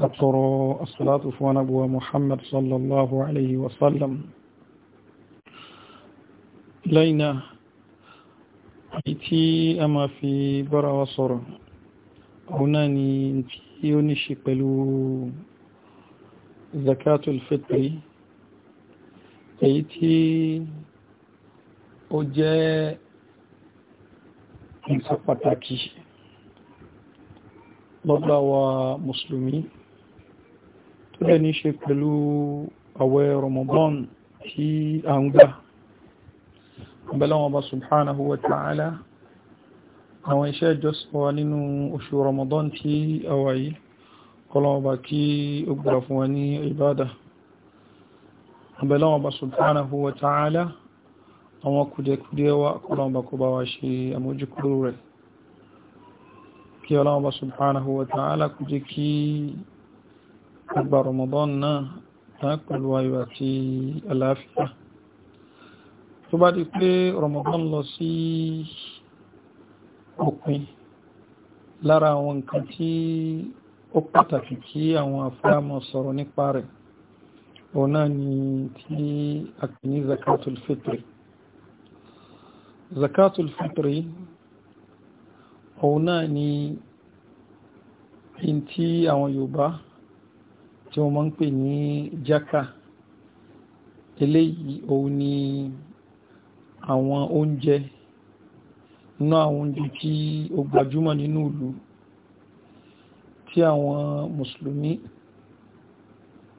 أبصروا الصلاة فوان أبو محمد صلى الله عليه وسلم لينا أيتي أما في برا وصر هناني ينشي قلو زكاة الفطر أيتي أجاء من pàtàkì lọ́dọ̀ wa ó dẹ̀ ní ṣe pẹ̀lú àwẹ̀ Ramadan tí a ń gbà ọ̀bẹ̀láwọn bá subhanahu wa ta'ala àwọn iṣẹ́ ìjọsìn wa nínú oṣù Ramadan tí a wà yìí kọlọ́wọ́ bá kí ó gbà fún wa ní ìbádà ọ̀bẹ̀láwọn bá subhanahu wa ta'ala àwọn kùdẹ̀kùdẹ̀ wa àgbà Ramadan náà tán pẹ̀lú ayọ̀ àti àlàáfíà tó bá di pé Ramadan lọ sí òpin lára àwọn nǹkan tí ó pàtàkì kí àwọn afẹ́mọ̀ sọ̀rọ̀ nípa rẹ̀ òun náà ni tí a kì ní zakatul fitri zakatul náà ni in tí àwọn Yorùbá tí wọ́n máa ń pè ní jákà eléyìí òun ni àwọn oúnjẹ nínú àwọn oúnjẹ tí ó gbajúmọ̀ nínú ìlú tí àwọn mùsùlùmí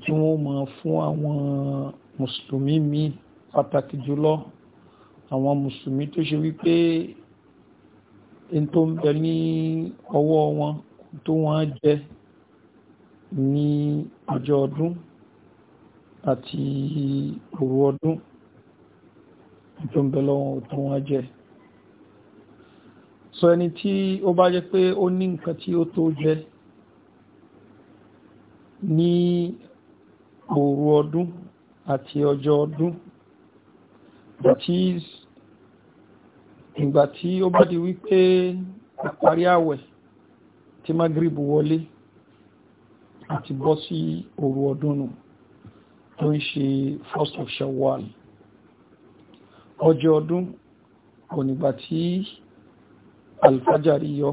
tí wọ́n máa fún àwọn mùsùlùmí mi pàtàkì jùlọ àwọn mùsùlùmí tó ṣe wípé in tó ń bẹ ní ọwọ́ wọn tó wọ́n jẹ́ ní ọjọ́ ọdún àti òru ọdún tó ń bẹ lọ́wọ́ tó wọ́n jẹ́ so ẹni tí ó bá jẹ́ pé ó ní nǹkan tí ó tó jẹ ní òru ọdún àti ọjọ́ ọdún that ìgbà tí ó bá di wípé àparí àwẹ̀ tí magrib wọlé àti bọ́ sí òru ọdún nù tó ń ṣe first of Shawwal ọjọ́ ọdún onígbà tí alfajari yọ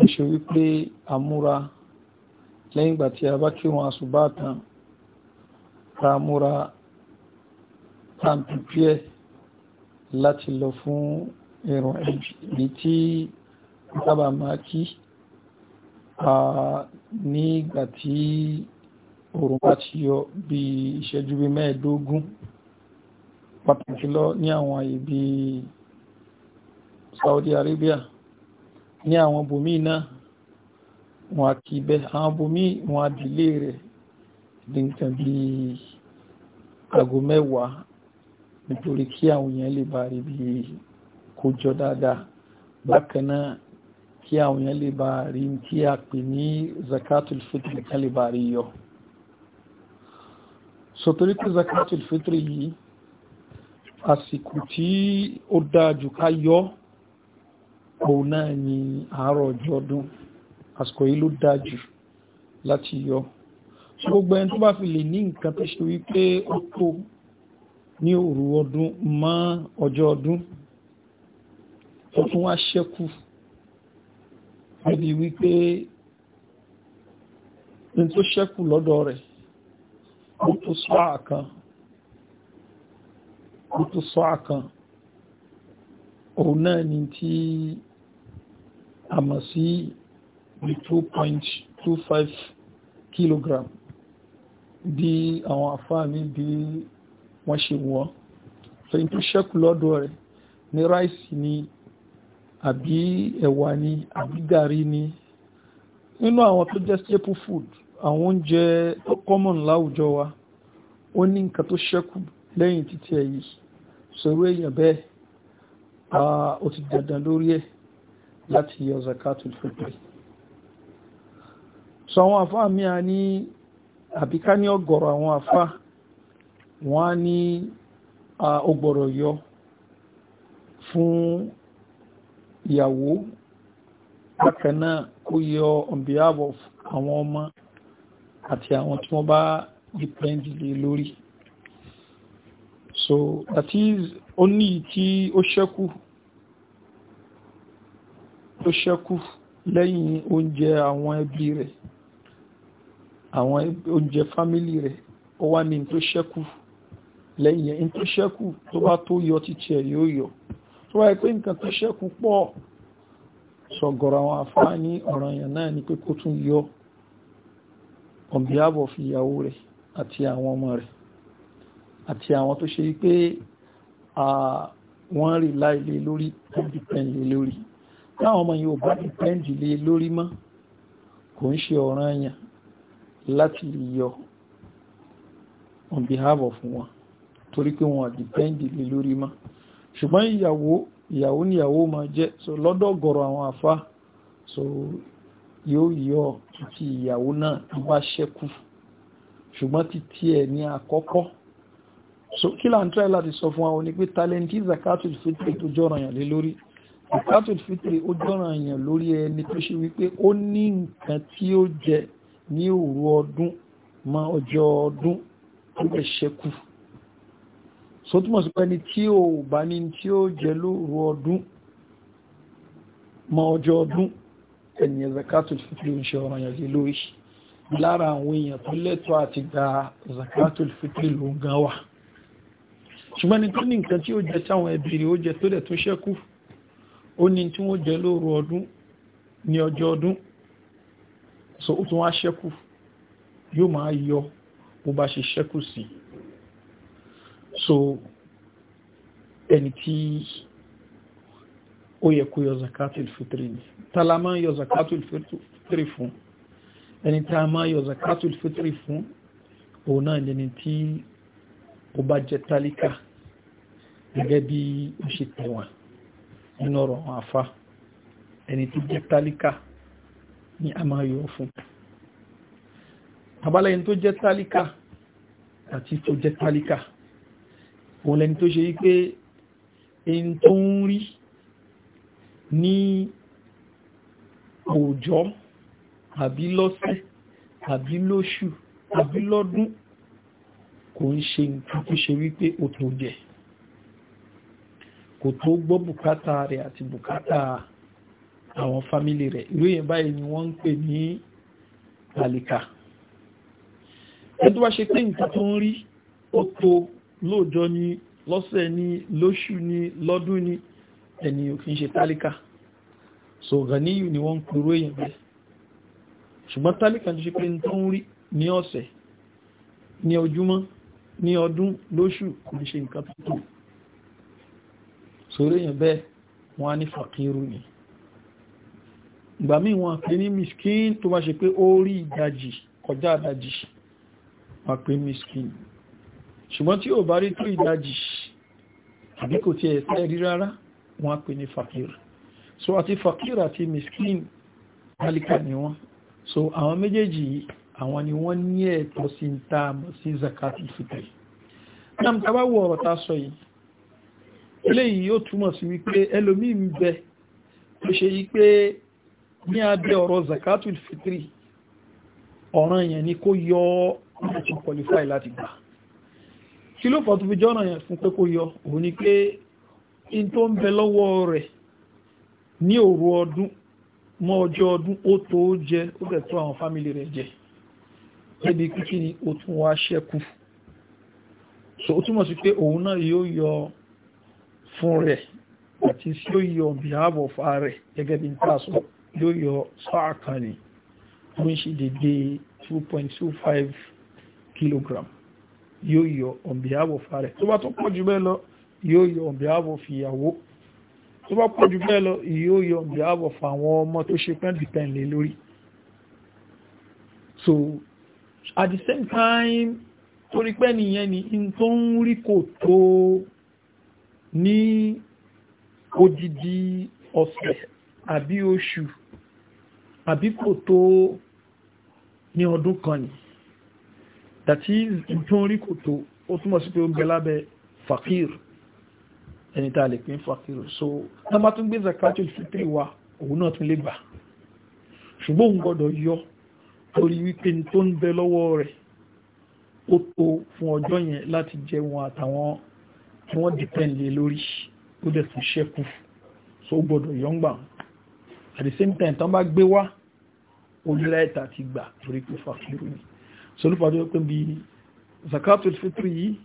ó ṣe wípé àmúra lẹ́yìn ìgbà tí a bá kí wọn àṣùbá tán ramúra tàbípẹ́ láti lọ fún ìrun ẹ̀jì ní tí sábà máa kí nígbà tí oòrùn bá ti yọ bí ìṣẹ́jú bí mẹ́ẹ̀ẹ́dógún pàtàkì lọ ní àwọn ibi Saudi Arabia ní àwọn bòmí náà wọn a kì í bẹ́ àwọn bòmí wọn a dìlé rẹ̀ ní nǹkan bí aago mẹ́wàá nítorí kí àwọn èèyàn lè bá rí bí kó jọ dáadáa bákan náà kí àwọn èèyàn lè bá rí tí a pè ní zakatul fitri ká lè bá rí yọ sọ̀tọ́rí pé zakatul fitri yìí àsìkò tí ó dájú ká yọ òun náà ni àárọ̀ ọjọ́ ọdún àsìkò yìí ló dájú láti yọ gbogbo ẹni tó bá fi lè ní nǹkan tó ṣe wípé ó tó ní òru ọdún mọ́ ọjọ́ ọdún ó tún wá ṣẹ́kù níbi wípé ní tó ṣẹ́kù lọ́dọ̀ rẹ̀ ó tó sọ àkàn òun náà ni tí a mọ̀ sí bí 2.25 kg bí àwọn àfáàmì bí wọ́n ṣe wọ́n tó ṣẹ́kù lọ́dọ̀ rẹ̀ ní ráìsì ni àbí ẹ̀wà ni àbí gàrí ni nínú àwọn tó jẹ́ staple food àwọn oúnjẹ tó common láwùjọ wa ó ní nǹkan tó ṣẹ́kù lẹ́yìn títí ẹ̀ yìí sọ̀rọ̀ èèyàn bẹ́ẹ̀ ó ti dandan lórí ẹ̀ láti yọ zakatul fitri so àwọn àfáà mi a ní àbíká ní ọ̀gọ̀rọ̀ àwọn àfáà wọ́n á ní ọgbọ̀rọ̀ yọ fún ìyàwó bákan náà kó yọ on behalf of àwọn ọmọ àti àwọn tí wọ́n bá depend lé lórí so that is ó ní tí ó ṣẹ́kù tó ṣẹ́kù lẹ́yìn oúnjẹ àwọn ẹbí rẹ̀ àwọn oúnjẹ fámílì rẹ̀ ó wá ní tó ṣẹ́kù lẹ́yìn tó ṣẹ́kù tó bá tó yọ títí ẹ̀ yóò yọ tó wáyé pé nǹkan tó ṣẹ́kù pọ̀ sọ̀gọ̀rọ̀ àwọn afáà ní ọ̀ràn yẹn náà ni pé kó tún yọ ọ̀bíábọ̀ fi ìyàwó rẹ̀ àti àwọn ọmọ rẹ̀ àti àwọn tó ṣe pé wọ́n rí láìlé lórí dìpẹ́ǹdì lórí táwọn ọmọ yóò bá dìpẹ́ǹdì lé lórí mọ́ kò ń ṣe ọ̀ràn yẹn láti yọ on behalf of wọn torí pé wọn dìpẹ́ǹdì lé lórí mọ́ ṣùgbọ́n ìyàwó ìyàwó ni ìyàwó máa jẹ́ so lọ́dọ̀ gọ̀rọ̀ àwọn àfá so yóò yọ ti ìyàwó náà tó bá ṣẹ́kù ṣùgbọ́n ti ẹ̀ ní àkọ́kọ́ so kí là ń try láti sọ fún àwọn ní pé talenti zakatul fitri tó jọ́ràn yàn lé lórí zakatul fitri ó jọ́ràn yàn lórí ẹni tó ṣe wípé ó ní nǹkan tí ó jẹ ní òru ọdún mọ́ ọjọ́ ọdún tó bẹ̀ ṣẹ́kù so túnmọ̀ sí pé ní tí o bá ní tí ó jẹ lóru ọdún mọ́ ọjọ́ ọdún ẹ̀yìn zakatul fitri ń ṣe ọ̀rọ̀ yẹn lórí lára àwọn èèyàn tó lẹ́tọ́ àti gba zakatul fitri ló ń gan wà ṣùgbọ́n ní tó ní nǹkan tí ó jẹ táwọn ẹbí ó jẹ tó dẹ̀ tó ṣẹ́kù ó ní tí wọ́n jẹ lóru ọdún ní ọjọ́ ọdún so ó tún wá ṣẹ́kù yóò máa yọ bó bá ṣe ṣẹ́kù sí so ẹni tí ó yẹ kó yọ zakatul fitri ni tala máa yọ zakatul fitri fún ẹni tí a máa yọ zakatul fitri fún òun náà lẹni tí ó bá jẹ tálíkà gẹ́gẹ́ bí ó ṣe tẹ̀wọ̀n nínú ọ̀rọ̀ àfá ẹni tó jẹ́ tálíkà ni a máa yọ fún abálẹ́yìn tó jẹ́ tálíkà àti tó jẹ́ tálíkà òun lẹni tó ṣe wípé in tó ń rí ní òòjọ́ àbí lọ́sẹ̀ àbí lóṣù àbí lọ́dún kò ń ṣe nǹkan ṣe wípé ó tó jẹ kò tó gbọ́ bùkátà rẹ̀ àti bùkátà àwọn fámílì rẹ̀ irú báyìí ni wọ́n ń pè ní àlìkà ẹdúwà ṣe pé nǹkan tó ń rí ó tó lóòjọ́ ni lọ́sẹ̀ ni lóṣù ni lọ́dún ni ẹni ò kí ń ṣe tálíkà so ganiyu ni wọ́n ń kúrò èyàn bẹ́ẹ̀ ṣùgbọ́n tálíkà ti ṣe pé ní tó ń rí ní ọ̀sẹ̀ ní ojúmọ́ ní ọdún lóṣù kò ṣe nǹkan tó tó sórí èyàn bẹ́ẹ̀ wọ́n á ní fàkírù ni ìgbà míì wọn pè ní miskin tó bá ṣe pé ó rí ìdajì kọjá ìdajì wọ́n pè miskin ṣùgbọ́n tí ò bá rí tó ìdájì àbí kò tí ẹ̀sẹ́ rí rárá wọ́n pè ní fakir so àti fakir àti miskin alika ni wọ́n so àwọn méjèèjì àwọn ni wọ́n ní ẹ̀tọ́ sí ń ta mọ̀ sí zakatul fitr náà tàbá wọ ọ̀rọ̀ ta sọ yìí eléyìí yóò túmọ̀ sí wípé ẹlòmíì bẹ ó ṣe yí ní abẹ́ ọ̀rọ̀ zakatul fitr ọ̀ràn yẹn ni kó yọ ọ́ láti qualify láti gbà kí ló fà tó fi jọ́nà yẹn fún pé kó yọ òun ni pé in tó ń bẹ lọ́wọ́ rẹ̀ ní òru ọdún mọ́ ọjọ́ ọdún ó tó jẹ ó bẹ̀ tó àwọn fámìlì rẹ̀ jẹ ẹbí kíkí ni ó tún wá ṣẹ́kù so ó túmọ̀ sí pé òun náà yóò yọ fún rẹ̀ àti sí ó yọ bìhábọ̀ fa rẹ̀ gẹ́gẹ́ bí n ta sọ yóò yọ sáà kan ni ó ń ṣe dédé 2.25 kilogram yóò yọ on behalf of ààrẹ tó bá tó pọ̀ jù bẹ́ẹ̀ lọ yóò yọ on behalf of ìyàwó tó bá pọ̀ jù bẹ́ẹ̀ lọ yóò yọ on behalf àwọn ọmọ tó ṣe pẹ́ lórí so at the same time torí pé nìyẹn ni in tó ń rí kò tó ní odidi ọ̀sẹ̀ àbí oṣù àbí kò tó ní ọdún kan nìyí that is tó ń rí kò tó ó túnmọ̀ sí pé ó gbẹ lábẹ́ fakir ẹni tàà lè pín fakir so na ma tún gbé zakatul fitri wa òun náà tún lè gbà ṣùgbọ́n òun gbọ́dọ̀ yọ torí wípé tó ń bẹ lọ́wọ́ rẹ̀ ó tó fún ọjọ́ yẹn láti jẹ wọn àtàwọn tí wọ́n depend lé lórí ó dẹ̀ tún ṣẹ́kù so ó gbọ́dọ̀ yọ ń gbà at the same time tán bá gbé wá ó lẹ́ẹ̀ta ti gbà torí pé fakir ni solúfàdé ó pín bí zakatul fitri yìí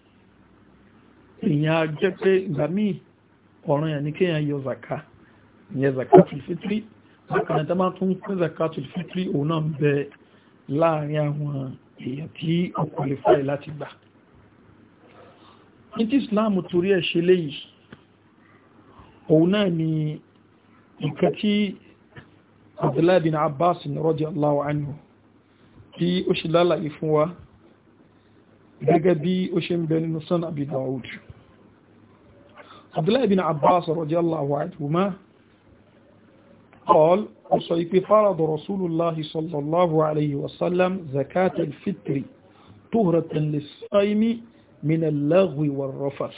èyàn jẹ́ pé ìgbà míì ọ̀ràn yà ní kéèyàn yọ zaka ìyẹn zakatul fitri bákan ẹ̀tẹ́ máa tún pín zakatul fitri òun náà bẹ láàrin àwọn èèyàn tí ó qualify láti gbà ní bin Abbas radiyallahu anhu tí ó ṣe lálàyé fún wa بن bí ó ṣe ń bẹ nínú sọ́nà àbí Dawud Abdullahi قال وصيب فرض رسول الله صلى الله عليه وسلم زكاة الفطر طهرة للصائم من اللغو والرفث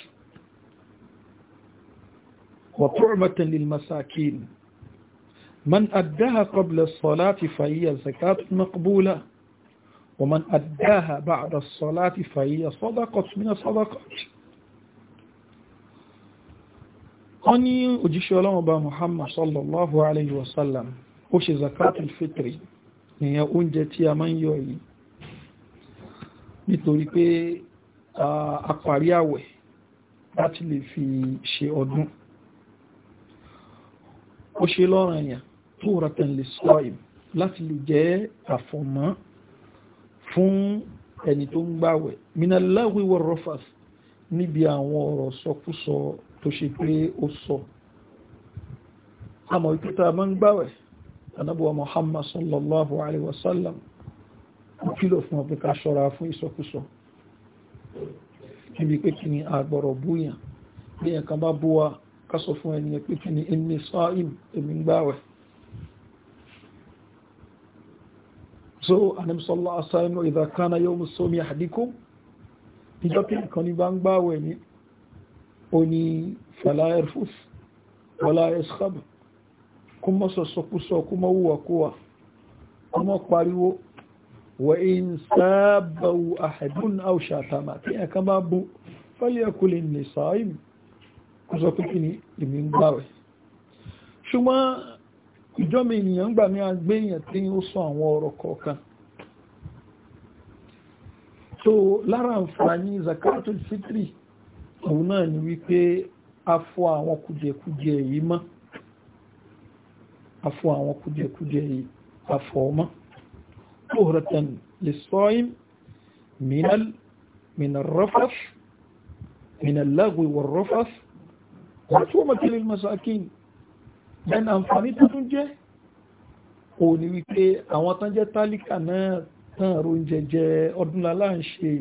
وطعمة للمساكين من أدها قبل الصلاة فهي زكاة مقبولة ومن أداها بعد الصلاة فهي صدقة من الصدقات wọ́n ní òjíṣẹ́ ọlọ́run bá Muhammad sallallahu alayhi wa sallam ó ṣe zakatul fitri nìyẹn oúnjẹ tí a máa ń yọ yìí nítorí pé àparí àwẹ̀ láti lè fi ṣe ọdún ó ṣe lọ́ranyàn tó ratan lè sọ́ láti lè jẹ́ àfọ̀mọ́ fún ẹni tó ń gbàwẹ̀ minaláwí wọ rọ́fàs níbi àwọn ọ̀rọ̀ sọkúsọ tó ṣe pé ó sọ àmọ́ ìpítà máa ń gbàwẹ̀ anábúwa Muhammad sallallahu alaihi wasallam ó kìlọ̀ fún ọ̀pẹ́ ká ṣọ́ra fún ìsọkúsọ níbi pé kí ni àgbọ̀rọ̀ búyàn bí ẹ̀kan bá búwa ká fún ẹni pé kí ni inni sa'im èmi ń gbàwẹ̀ so anabi sallallahu alaihi wasallam idha kana yawm as-sawmi ahadikum ìjọ pé nǹkan ní bá ń gbáwẹ̀ ní o ní fala yarfus wala yaskhab kó mọ́ sọ̀sọ̀kúsọ kó mọ́ wùwàkúwà kó mọ́ pariwo wa in sabahu ahadun aw shatama tí a ká máa bú falyakul ṣùgbọ́n ìjọ́mọ̀ ènìyàn ń gbà mí a gbé èèyàn tí ó sọ àwọn ọ̀rọ̀ kọ̀ọ̀kan so lára àǹfààní zakatul fitri òun náà ni wípé a fọ àwọn kùjẹkùjẹ yìí mọ́ a fọ àwọn kùjẹkùjẹ yìí a fọ mọ́ tóhùrọ̀tàn lè sọ́yìn minal minal rafas minal lagwi wọ́n tó mọ̀kílẹ̀ masakin then àǹfààní tó tún jẹ́ kò ní wípé àwọn tán jẹ́ tálíkà náà tán àrò oúnjẹ jẹ ọdún ń ṣe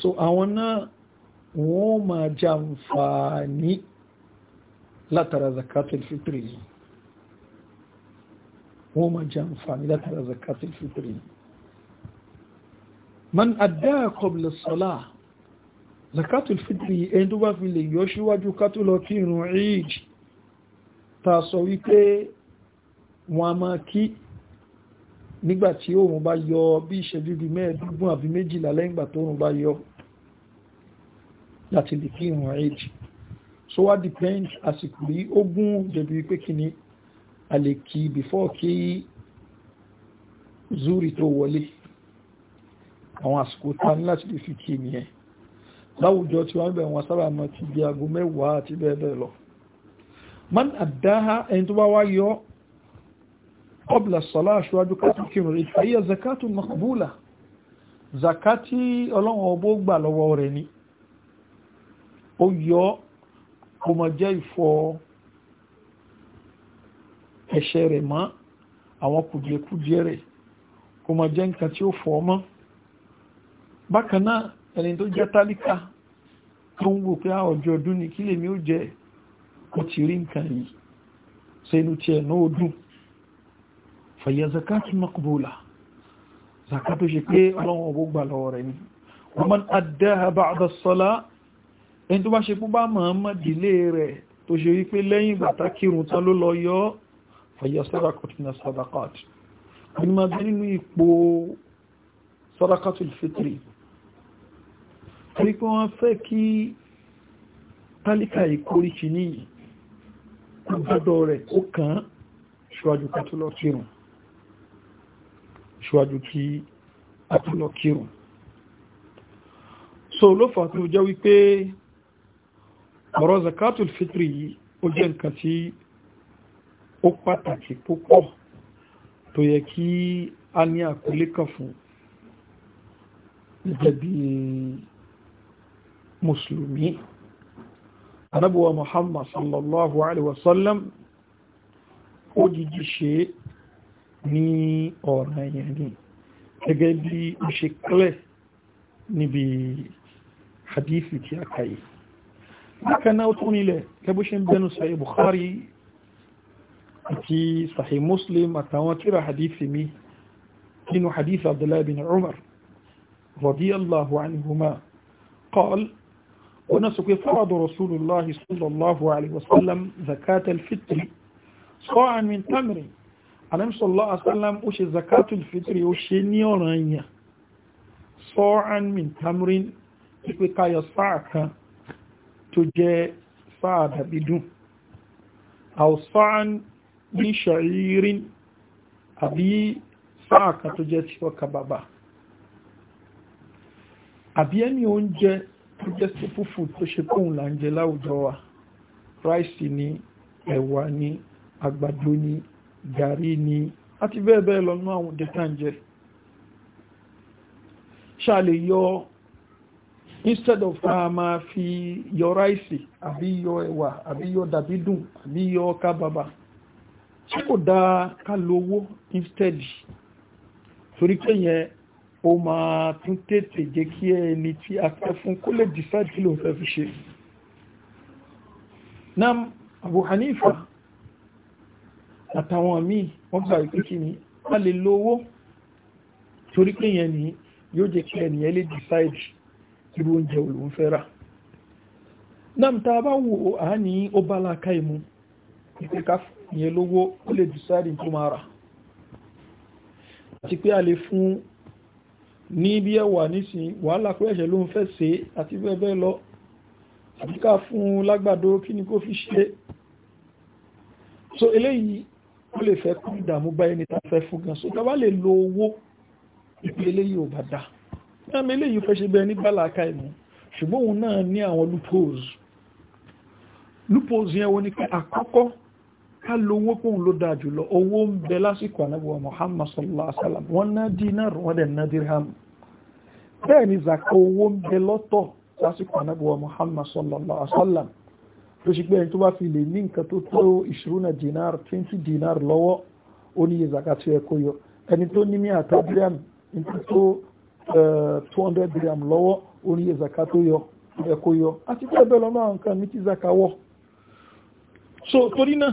so àwọn náà wọ́n máa jàǹfààní látara zakatul fitri yìí wọ́n máa jàǹfààní látara zakatul fitri man adá qabla salah zakatul fitri yìí ẹni tó bá fi lè yọ síwájú ká tó lọ ta sọ wípé wọn a máa kí nígbàtí oòrùn bá yọ bí ìṣẹ́jú bí mẹ́ẹ̀ẹ́dógún àbí méjìlá lẹ́yìngbà tó oòrùn bá yọ láti lè kí ìrùn ẹ̀jì so wá depend àsìkò rí ogún jẹ̀bi pé kí ni a lè kí before kí zuri tó wọlé àwọn àsìkò ta ní láti lè fi kí nìyẹn láwùjọ tí wọ́n bẹ̀ wọn sábà mọ́ ti bí aago mẹ́wàá àti bẹ́ẹ̀ bẹ́ẹ̀ lọ man àdáhà ẹni tó bá wá yọ ọbla sọlá aṣíwájú kátùkìrò ìfàyẹ zakatun makbula zakati ọlọ́wọ́ ọbọ̀ gbà lọ́wọ́ rẹ̀ ni ó yọ ọmọ jẹ́ ìfọ́ ẹ̀ṣẹ̀ rẹ̀ mọ́ àwọn kùdìẹ̀kùdìẹ̀ rẹ̀ kò mọ̀ jẹ́ nǹkan tí ó fọ́ mọ́ bákan ẹni tó jẹ́ tálíkà tó ń wò pé ah, ọjọ́ ọdún ni kí lèmi ó jẹ́ ó ti rí nǹkan yìí ṣe inú tí ẹ̀nà ó dùn fàyẹ zakatu makbula zakatu ṣe pé ọlọ́wọ́ ọgbó gbà lọ́wọ́ rẹ̀ ni wọ́n mọ́n adáha ba'da sọ́lá ẹni tó bá ṣe pú bá mọ̀ọ́mọ́ dìlé rẹ̀ tó ṣe rí pé lẹ́yìn bàtà kírun tán ló lọ yọ́ fàyẹ sadaqatu tálíkà ìkóríkì níyìí kó gbọ́dọ̀ rẹ̀ ó kàn án ṣíwájú ká tó lọ kírun ṣíwájú kí a tó lọ kírun so ló fà tó jẹ́ wípé ọ̀rọ̀ zakatul fitri yìí ó jẹ́ nǹkan tí ó pàtàkì púpọ̀ tó yẹ kí a ní àkọlé kan fún gẹ́gẹ́ bí mùsùlùmí anábíwá muhammad sallallahu alaihi wasallam ó jíjí ṣe ní ọ̀rọ̀ ẹ̀yẹn ni gẹ́gẹ́ bí ó ṣe kílẹ̀ níbi hadithi tí a kàyè bákan náà ó tún nílẹ̀ gẹ́bú ṣe ń bẹnu sahih bukhari àti sahih muslim àtàwọn tíra hadithi mi nínú hadith abdullahi bin umar radiyallahu anhuma qala ona sọ pé fawada rasulullah sallallahu alaihi wasallam zakat al-fitr sa'an min tamri alim sallallahu alaihi wasallam ó ṣe zakat al-fitr ó ṣe ní ọ̀ràn yẹn sa'an min tamrin pé ká yọ sáà kan tó jẹ́ sáà dàbídùn aw sa'an min sha'irin àbí sáà tó jẹ́ staple food tó ṣe kóhùn là láwùjọ wa ráìsì ni ẹ̀wà ni àgbàdo ni gàrí ni àti bẹ́ẹ̀ bẹ́ẹ̀ lọ ní àwọn òde tá yọ instead of a máa fi yọ ráìsì àbí yọ ẹ̀wà àbí yọ dàbídùn àbí yọ kábàbà ṣé kò dáa ká lo instead torí pé ó máa tún tètè jẹ́ kí ẹni tí a fẹ́ fún kó lè decide kí ló fẹ́ fi ṣe nam Abu Hanifa àtàwọn míì wọ́n gbà wípé kí ni a lè lówó torí pé yẹn ni yóò jẹ́ kí ẹni ẹlẹ́ decide irú oúnjẹ olóhun fẹ́ rà nam ta bá wo a ní ó bá láká imú ìpẹ́ká ìyẹn lówó ó lè decide tó máa rà àti pé a lè fún ní bí ẹ wà nísìn wàhálà pé ẹ̀ṣẹ̀ ló ń fẹ́ ṣe àti bẹ́ẹ̀bẹ́ẹ̀ lọ àbíká fún un kí ni kó fi ṣe so eléyìí ó lè fẹ́ kún ìdààmú bá ẹni tá fẹ́ fún gan so tá bá lè lo owó ìpè eléyìí ò bá dá náà eléyìí fẹ́ ṣe bẹ́ẹ̀ nígbà làákà ìmú ṣùgbọ́n òun náà ní àwọn loopholes loopholes yẹn wo ni pé àkọ́kọ́ ká lówó kóhun ló dáa jùlọ owó ń bẹ lásìkò anábíwá Muhammad sallallahu alaihi wasallam wọ́n ná dinar wọ́n dẹ̀ ná dirham bẹ́ẹ̀ ni zaka owó ń bẹ lọ́tọ̀ lásìkò anábíwá Muhammad sallallahu alaihi wasallam tó ṣe pé ẹni tó bá fi lè ní nǹkan tó tó ìṣúná dinar twenty dinar lọ́wọ́ ó zaka tí ẹ kó yọ ẹni tó ní two hundred dirham lọ́wọ́ ó zaka tó yọ ẹ kó yọ àti bẹ́ẹ̀ bẹ́ẹ̀ zaka wọ̀ so torí náà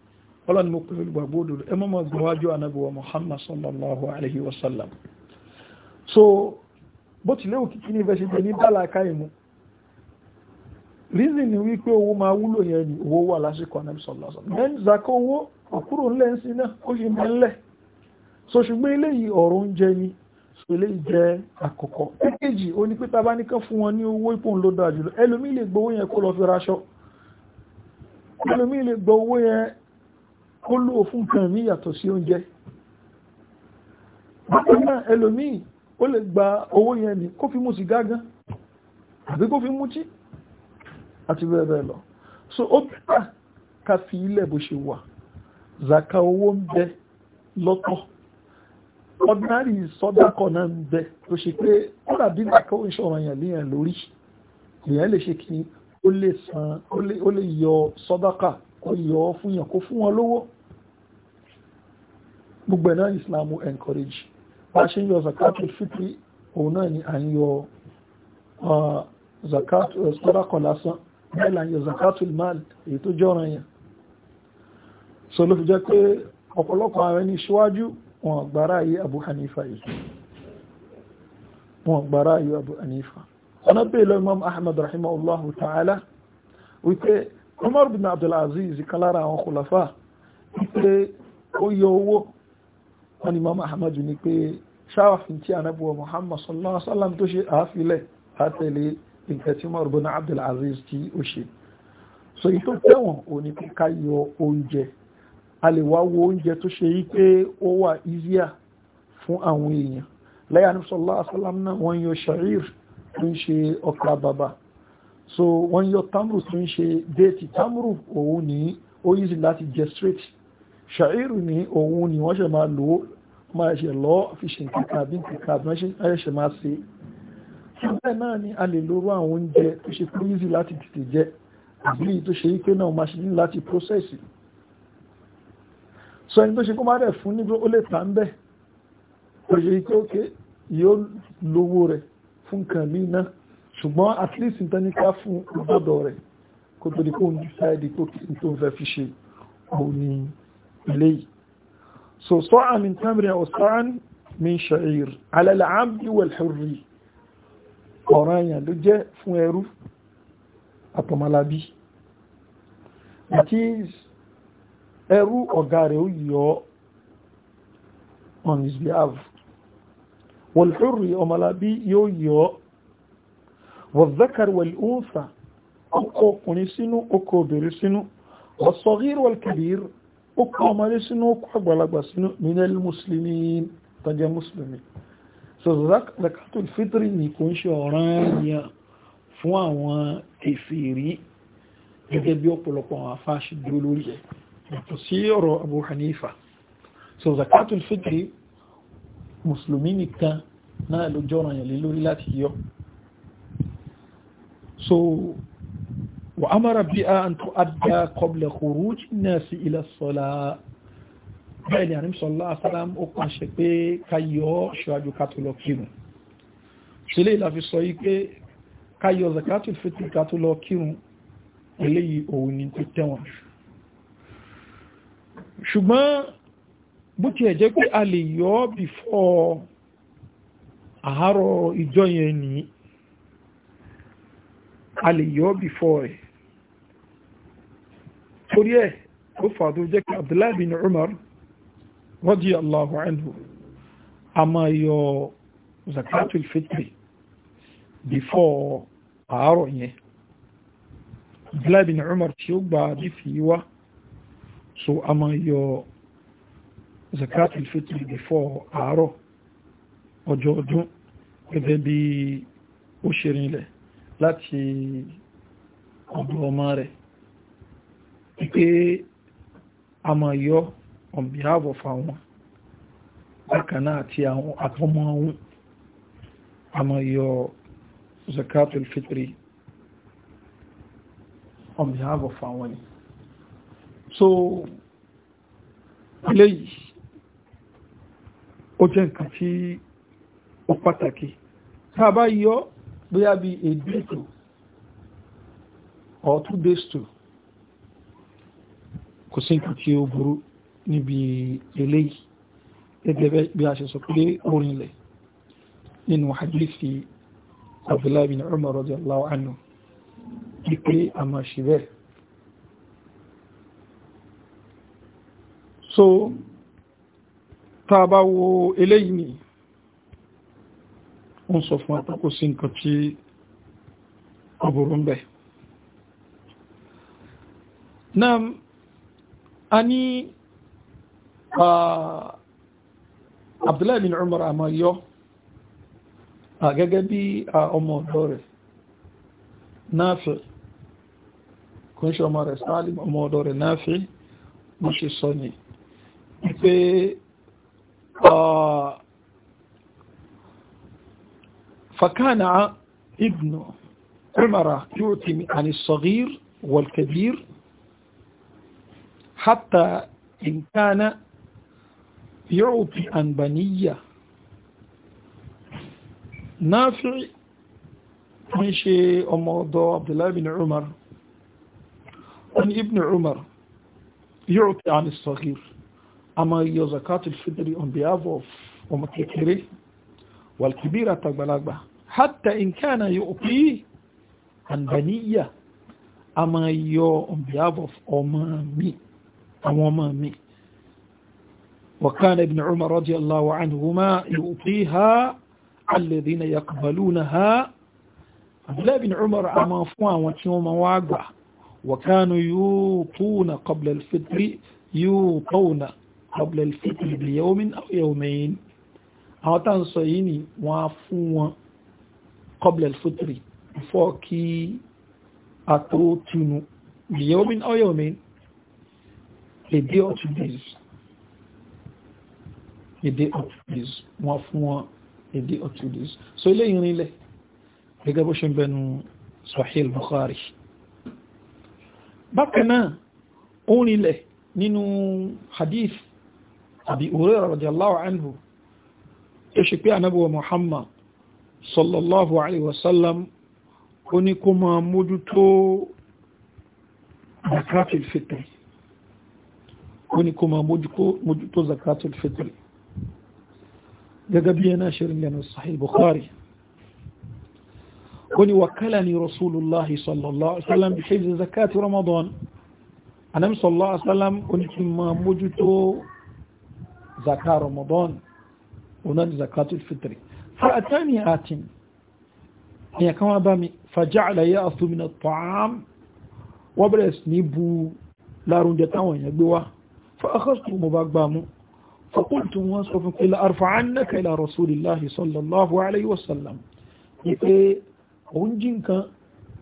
ọlọ́ni mo pè olùgbàgbọ́ òdòdó ẹ mọ́mọ́ gbọ́wájú anábíwá Muhammad sallallahu alayhi wa sallam so bó ti léwu kìkí ní ìfẹsẹ̀ ní dálàkà ìmú reason ni wípé owó máa wúlò yẹn ni owó wà lásìkò anábí sallallahu alayhi wa sallam then zaka owó òkúrò ńlẹ̀ ń sin náà ó ṣe mẹ́ ńlẹ̀ so ṣùgbọ́n eléyìí ọ̀rọ̀ oúnjẹ ni so eléyìí jẹ́ àkọ́kọ́ èkejì ó ní pé tá bá kó lóò fún nǹkan ní yàtọ̀ sí oúnjẹ bákan náà ẹlòmíì ó lè gba owó yẹn ni kó fi mú sí gágán àbí kó fi mú tí àti bẹ́ẹ̀ lọ so ó bẹ́ẹ̀ ká fi ilẹ̀ bó ṣe wà zaka owó ń bẹ lọ́tọ̀ ordinary sọ́dákọ̀ náà ń bẹ tó ṣe pé ó dàbí zaka ó ń ṣọ̀rọ̀ yàn lórí èèyàn lè ṣe kí ó lè yọ sọ́dákà kó yọ ọ́ fún yàn kó fún wọn lówó gbogbo náà islamu encourage bá ṣe ń yọ zakatul fitri òun náà ni à ń yọ eh, sọ́dákọ̀ lásán bẹ́ẹ̀ là ń yọ zakatul mal èyí tó jọ́ran yàn so ló fi jẹ́ pé ọ̀pọ̀lọpọ̀ àwọn ẹni ṣíwájú wọn gbára ayé Abu Hanifa yìí wọn gbára ayé Abu Hanifa ọ̀nà Imam Ahmad rahimahullahu ta'ala wípé Umar bin Abdulaziz kalára àwọn kòláfà wípé ó yọ owó wọn ni mama ahmadu ni pé ṣáwàfin tí anábùwà Muhammad sallallahu alaihi wasallam tó ṣe àáfilẹ̀ àtẹ̀lé nǹkan tí Umar bin Abdulaziz tí ó ṣe so yìí tó ò ní pé ká yọ oúnjẹ a lè wá wo oúnjẹ tó ṣe yí pé ó wà easier fún àwọn èèyàn lẹ́yìn sallallahu alaihi náà wọ́n yọ sha'ir tó ń ṣe ọkà bàbà so wọ́n yọ tamru tó ń ṣe déètì tamru òun ní ó yí sí láti jẹ straight ṣàírù ní òun ní wọ́n ṣe máa lò ó máa ṣe lọ́ fi ṣe nǹkan àbí nǹkan àbí wọ́n ṣe máa ṣe ṣùgbọ́n náà ni a lè lóró àwọn oúnjẹ tó ṣe kó yí láti tètè jẹ àbí tó ṣe wípé náà máa ṣe ní láti prósẹ́sì sọ ẹni tó ṣe kó má rẹ̀ fún níbi ó lè tà ń bẹ̀ tó ṣe wípé ókè yóò lówó rẹ̀ fún kan ní náà ṣùgbọ́n at least n tán ní ká fún ọdọ́dọ̀ rẹ̀ kó tó di kó ń decide tó kí n tó ń fẹ́ fi ṣe òun ni ilé yìí so sọ́à min tamrin aw sa'an min sha'ir ala al-abdi èèyàn ló jẹ́ fún ẹrú àtọmọlábí àti ẹrú ọ̀gá rẹ̀ ó yọ والذكر والأنثى ọkọ ọkùnrin sínú ọkọ obìnrin sínú والصغير والكبير ọkọ ọmọdé sínú ọkọ àgbàlagbà sínú من المسلمين tàjẹ́ mùsùlùmí so zakatul fitri ní kò ń ṣe ọ̀ràn yà fún àwọn kèfèrí gẹ́gẹ́ bí ọ̀pọ̀lọpọ̀ àwọn afáṣì dúró lórí yàtọ̀ sí ọ̀rọ̀ Abu Hanifa so zakatul fitri mùsùlùmí nìkan náà ló jọ́ràn yà lé lórí láti yọ so wa amara biha an tu'adda qabla khuruj an-nasi ila as-salah bẹ́ẹ̀ ni àrímsọ̀ aláàsálàm ó pàṣẹ pé káyọ̀ ṣíwájú kátólọ kírùn sílé ìlàfi sọ yí pé káyọ̀ zakatul fitri kátólọ kírùn eléyìí òun ni tó tẹ́wọ̀n ṣùgbọ́n bó ti ẹ̀jẹ́ pé a lè yọ́ bífọ́ àárọ̀ ìjọ yẹn nìí a lè yọ before rẹ̀ torí ẹ̀ ó fàdó jẹ́ kí Abdullahi bin Umar radiyallahu anhu a máa yọ zakatul fitri before àárọ̀ yẹn Abdullahi bin Umar tí ó gba àdífì wá so a máa yọ zakatul fitri before àárọ̀ ọjọ́ ọdún gẹ́gẹ́ bí ó ṣe rinlẹ̀ láti ọ̀dọ̀ ọmọ rẹ̀ pé a máa yọ on behalf of àwọn bákanáà àti àwọn àtọmọ ohun a máa yọ zakatul fitri on behalf ni so eléyìí ó jẹ́ nǹkan tí ó pàtàkì tá a bóyá bí a day to or two days to kò sí nǹkan tí ó burú níbi eléyìí gẹ́gẹ́ bí a ṣe sọ pé orin lẹ̀ nínú hadithi Abdullahi bin Umar radiyallahu anhu wípé a máa ṣe bẹ́ẹ̀ so ta bá wo eléyìí wọ́n sọ fún apá kò sí nǹkan tí ọbùrú ń bẹ̀. náà a ní Abdullahi bin Umar àmà yọ gẹ́gẹ́ bí ọmọ ọ̀dọ́ rẹ̀ Nafi kò ń ṣe ọmọ rẹ̀ Salim ọmọ ọ̀dọ́ rẹ̀ Nafi mo ṣe sọ ni pé ọ̀rọ̀ فكان ابن عمر يعطي عن الصغير والكبير حتى إن كان يعطي عن بنية نافع مشي عبد الله بن عمر أن ابن عمر يعطي عن الصغير أما يزكاة الفدر on behalf of أم كثيرة والكبيرة تقبل بها حتى إن كان يؤفيه عن بنية أما يوم يؤمبيابوف أمامي أمامي وكان ابن عمر رضي الله عنهما يؤفيها الذين يقبلونها فلا بن عمر أما أمافوا وتيوم واقع وكانوا يوطون قبل الفطر يوطون قبل الفطر بيوم أو يومين أو تنصيني وافوا qabla al-fitri before kí a tó túnú bi yawmin aw yawmayn a day or two days a day or two days wọ́n fún wọn a day or two days so eléyìí rinlẹ̀ gẹ́gẹ́ bó ṣe ń bẹnu Sahih Bukhari bákanáà ó rinlẹ̀ nínú hadith Abi Hurairah radiyallahu anhu ó ṣe pé Muhammad sallallahu alaihi wasallam ó ní kó máa mójútó zakatul fitri ó ní kó máa mójútó zakatul fitri gẹ́gẹ́ bí yana ṣe rinlẹ̀ ní sahih bukhari ó ní wakalani rasulullahi sallallahu alaihi wasallam bí ṣe zakati ramadan anam sallallahu alaihi wasallam ó ní kí máa mójútó zaka ramadan ó náà zakatul fitri فأتاني آت يا كما بامي فجعل يأخذ من الطعام وبرس نبو لا رنجة وينبوا فأخذت مباقبامو فقلت واصف إلا أرفعنك إلى رسول الله صلى الله عليه وسلم يقول ونجنك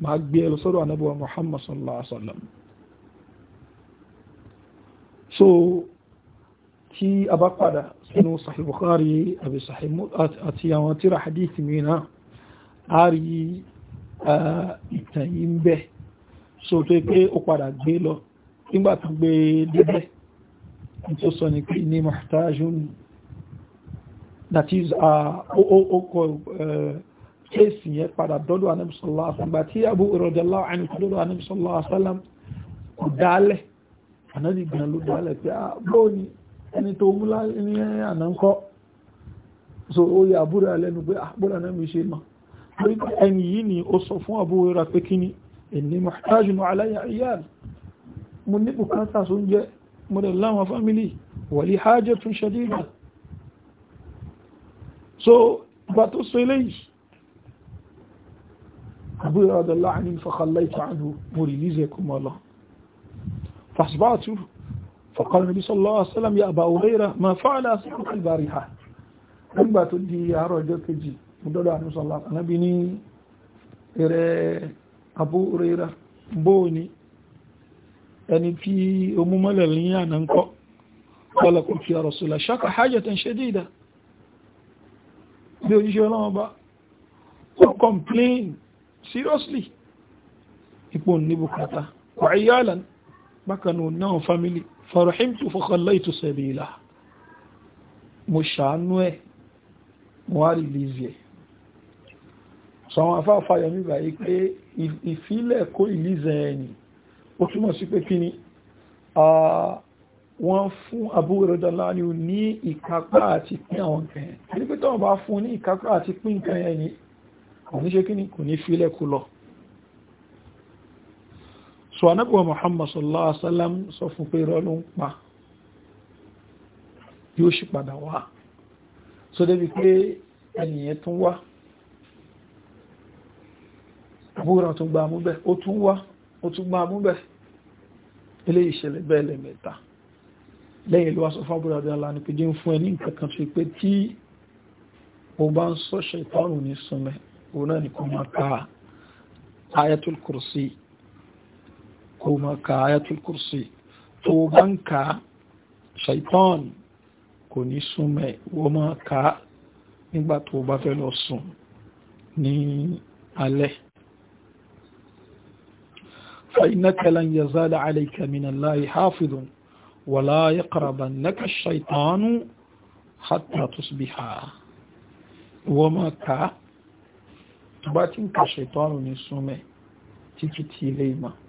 ما محمد صلى الله عليه وسلم so tí a bá padà sínú Sahih Bukhari àbí Sahih àti àwọn tíra hadithi mìíràn a rí ìtàn yìí ń bẹ so tó pé ó padà gbé lọ nígbà tó gbé débẹ̀ tó sọ ní pé ní mahtajun that is ó kọ kéèsì yẹn padà dọ́dọ̀ Ànábì sallallahu alaihi wasallam gbà ẹni tó mú ní àná ń kọ́ so ó yà àbúrà lẹ́nu pé ah, àbúrà náà mi ṣe mọ́ torí ẹni yìí ni ó sọ fún Abu Hurairah pé kí ni inni muhtajun aláyà iyal mo ní bùkátà tó ń jẹ́ mo so ìgbà tó sọ eléyìí Abu Hurairah radiyallahu anhu fa khallaytu anhu mo fàṣbáàtù فقال النبي صلى الله عليه وسلم يا أبا هريرة ما فعل أصحابك البارحة nígbà tó di àárọ̀ ọjọ́ kejì mọ́dọ́dọ̀ àníṣọ́lá anábi ní ẹ̀rẹ́ Abu Huraira bóò ní ẹni tí o mú mọ́lẹ̀ ní àná ń kọ́ kọ́lọ̀kọ́ kí a Rasulullah shaka hajatan shadida bí oníṣẹ́ ọlọ́wọ́ bá wọ́n complain seriously ipò ní bukata wà iyalan bákanu náà family farahimtu fakhallaytu سبيله mo ṣàánú ẹ̀ mo wá rí lèzì ẹ̀ sọ̀wọ́n afáfà yọmí báyìí pé ìfilẹ̀ kó ìlízẹ̀ ẹni ó túnmọ̀ sí pé kí ni wọ́n fún abúrẹ́dọ́lá ní o ní ìkápá àti pín àwọn nǹkan ní pé tọ́wọ́n bá fún ní ìkápá àti pín nǹkan ni kò ní ṣe kí ni kò ní filẹ̀ kú lọ so anábíwá muhammad sallallahu alaihi wasallam sọ fún pé irọ́ ló ń pa yóò sì padà wá so débi pé ẹnìyẹn tún wá àbúrò tún gba amúbẹ̀ ó tún wá ó tún gba amúbẹ̀ ilé ìṣẹ̀lẹ̀ bẹ́ẹ̀ lẹ́mẹ̀ta lẹ́yìn ló wá sọ fábúrò àdúrà ní pé jí ń fún ẹ ní nǹkan kan tó pé tí o bá ń sọ́ṣẹ̀ ìtọ́rùn ní súnmẹ́ òun náà ni kò ka ayatul kursi كما كآية الكرسي كا شيطان كوني سومي وما كا نبا توبا فلو سوم ني علي فإنك لن يزال عليك من الله حافظ ولا يقربنك الشيطان حتى تصبح وما كا باتنك الشيطان نسومي تيكي تيليما تي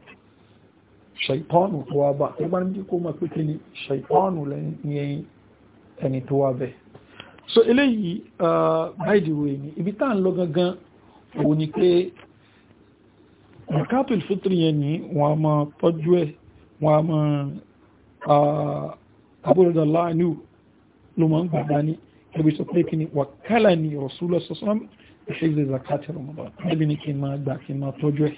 ṣàìtọ́nù tó wá bá ẹgbà ní kó máa pé kí ni ṣàìtọ́nù lẹ́yìn ẹni tó wá bẹ̀. so eléyìí uh, by the way ni ibi tá à ń lọ gangan òun ni pé mọ̀kátù ìfútìrì yẹn ni wọ́n a máa tọ́jú ẹ̀ wọ́n a máa uh, abúrúdà láàánú ló máa ń gbà dání ẹbí sọ pé kí ni wàkálà ni Rasulullah sallallahu alaihi wasallam ìṣègbè ẹbí ni kí n máa gbà kí n máa tọ́jú ẹ̀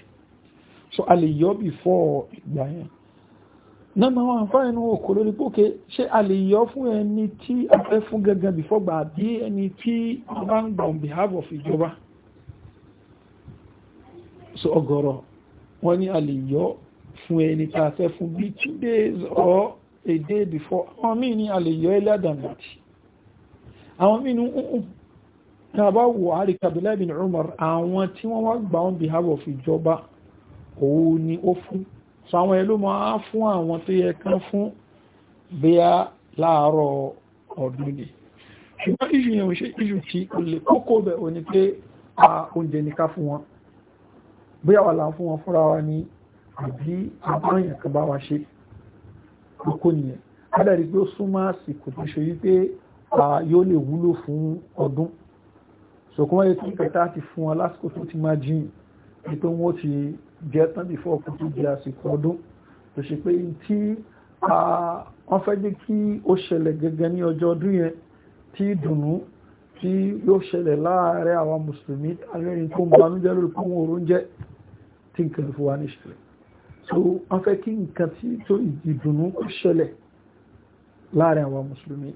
so a lè yọ́ before ìgbà yẹn náà ma wọ́n àǹfà ẹnu òkò lórí pókè ṣé a lè yọ́ fún ẹni tí a fẹ́ fún gangan before gbà bí ẹni tí a bá ń gbà on behalf of ìjọba so ọ̀gọ̀rọ̀ wọ́n ní a lè yọ́ fún ẹni tí a fẹ́ fún bí two days or a day before àwọn míì ní a lè yọ́ ẹlẹ́ àdàmàtì àwọn míì ní ń tàbá wò àríkàbílẹ̀ bin Umar àwọn tí wọ́n wá gbà on behalf of ìjọba òun ni ó fún so àwọn ẹ̀ ló máa fún àwọn tó yẹ kán fún bíyá láàárọ̀ ọdún ni ṣùgbọ́n ìṣù yẹn ò ṣe ìṣù tí ó lè kókó bẹ̀ ò ní pé a oúnjẹ ní ká fún wọn bóyá wà láà fún wọn fúnra wa ní àbí àbáyàn kan bá wa ṣe kókó nìyẹn kádàrí pé ó súnmọ́ àsìkò tó ṣe wípé yóò lè wúlò fún ọdún so kọ́mọ́ kẹta ti fún wọn lásìkò tó ti máa jìn ní pé ti jẹ́ tán bí fọ́ kúrú jẹ́ àsìkò ọdún tó ṣe pé tí wọ́n fẹ́ jẹ́ kí ó ṣẹlẹ̀ gẹ́gẹ́ ní ọjọ́ ọdún yẹn tí dùnú tí yóò ṣẹlẹ̀ láàárẹ̀ àwọn mùsùlùmí alẹ́rin tó ń banújẹ́ lórí kún oróúnjẹ tí nǹkan fún wa ní ṣẹlẹ̀ so wọ́n fẹ́ kí nǹkan tí tó ìdùnú ó ṣẹlẹ̀ láàrin àwọn mùsùlùmí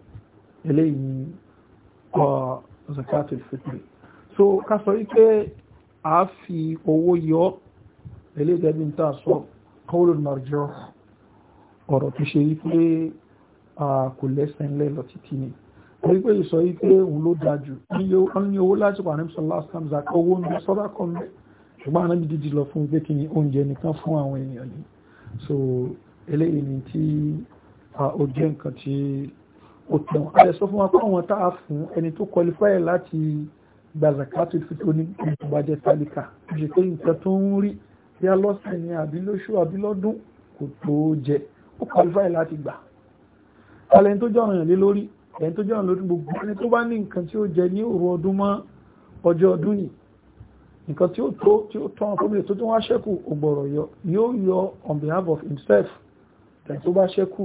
eléyìí ọ̀ zakatul fitri so ká sọ wípé a fi owó yọ eléyìí gẹ́gẹ́ bí n ta sọ qawlun marjuh ọ̀rọ̀ tó ṣe wípé kò lẹ́sẹ̀ ńlẹ̀ lọ títí ni torí pé ìsọ wípé òun ló dájú ní owó láti wà nípa last time zaka owó ń bí sọ́dá kan mẹ́ ṣùgbọ́n àná bí dídì lọ fún pé kí ni oúnjẹ nìkan fún àwọn èèyàn ni so eléyìí ni tí ó jẹ́ nǹkan tí ó tẹ̀wọ̀n a lè sọ fún wa pé àwọn tá a fún ẹni tó qualify láti gba zakatul fitr ní ìbàjẹ́ tálíkà ṣe pé tó ń rí bí a lọ́sẹ̀ ni àbí lóṣù àbí lọ́dún kò tó jẹ ó qualify láti gbà alẹ́ tó jọ̀ràn yàn lé lórí ẹ̀yìn tó jọ̀ràn lórí gbogbo ẹni tó bá ní nǹkan tí ó jẹ ní òru ọdún mọ́ ọjọ́ ọdún yìí nǹkan tí ó tó tí ó tán fún mi tó tún wá ṣẹ́kù ògbọ̀rọ̀ yọ yóò yọ on behalf of himself ẹ̀yìn tó bá ṣẹ́kù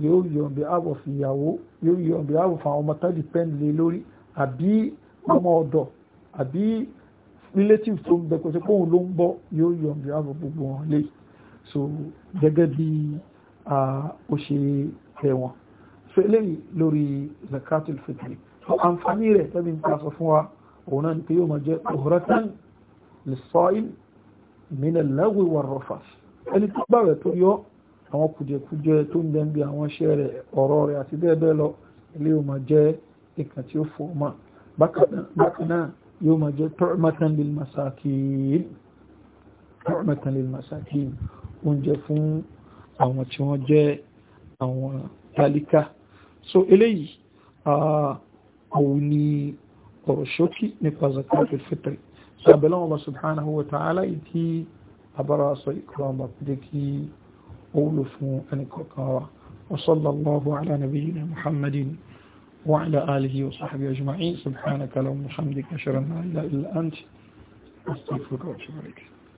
yóò yọ on behalf of ìyàwó yóò yọ on behalf of àwọn ọmọ tán depend lé lórí àbí ọmọ ọ̀dọ̀ àbí relative tó ń bẹ kò sí póun ló ń bọ́ yóò yọ ọ̀gbìn ààbò gbogbo wọn lé so gẹ́gẹ́ bí ó ṣe tẹ̀ wọn so eléyìí lórí zakatul fitri so àǹfààní rẹ̀ tẹ́bí ń ta sọ fún wa òun náà ni pé yóò máa jẹ́ òhùrọ́tán lè sọ ìm mìíràn lẹ́wọ̀ ìwà rọ̀fà ẹni tó gbà rẹ̀ tó yọ àwọn kùjẹkùjẹ tó ń jẹ́ bí àwọn iṣẹ́ rẹ̀ ọ̀rọ̀ rẹ̀ àti bẹ́ẹ̀ bẹ́ẹ̀ lọ ilé máa jẹ́ ìkàn tí ó fò mọ́ bákan náà yóò máa jẹ́ tu'matan lil masakin tu'matan lil masakin oúnjẹ fún àwọn tí wọ́n jẹ́ àwọn tálíkà so eléyìí àwọn ni ọ̀rọ̀ ṣókí nípa zakatul fitri so abẹ́lẹ́ Allah subhanahu wa ta'ala ìdí abára sọ ìkọ́ ọmọ pẹ̀lú kí ó wúlò fún ẹnìkọ̀ọ̀kan wa وصلى الله على نبينا محمد وعلى آله وصحبه أجمعين سبحانك اللهم وبحمدك أشهد أن لا إله إلا أنت أستغفرك وأتوب إليك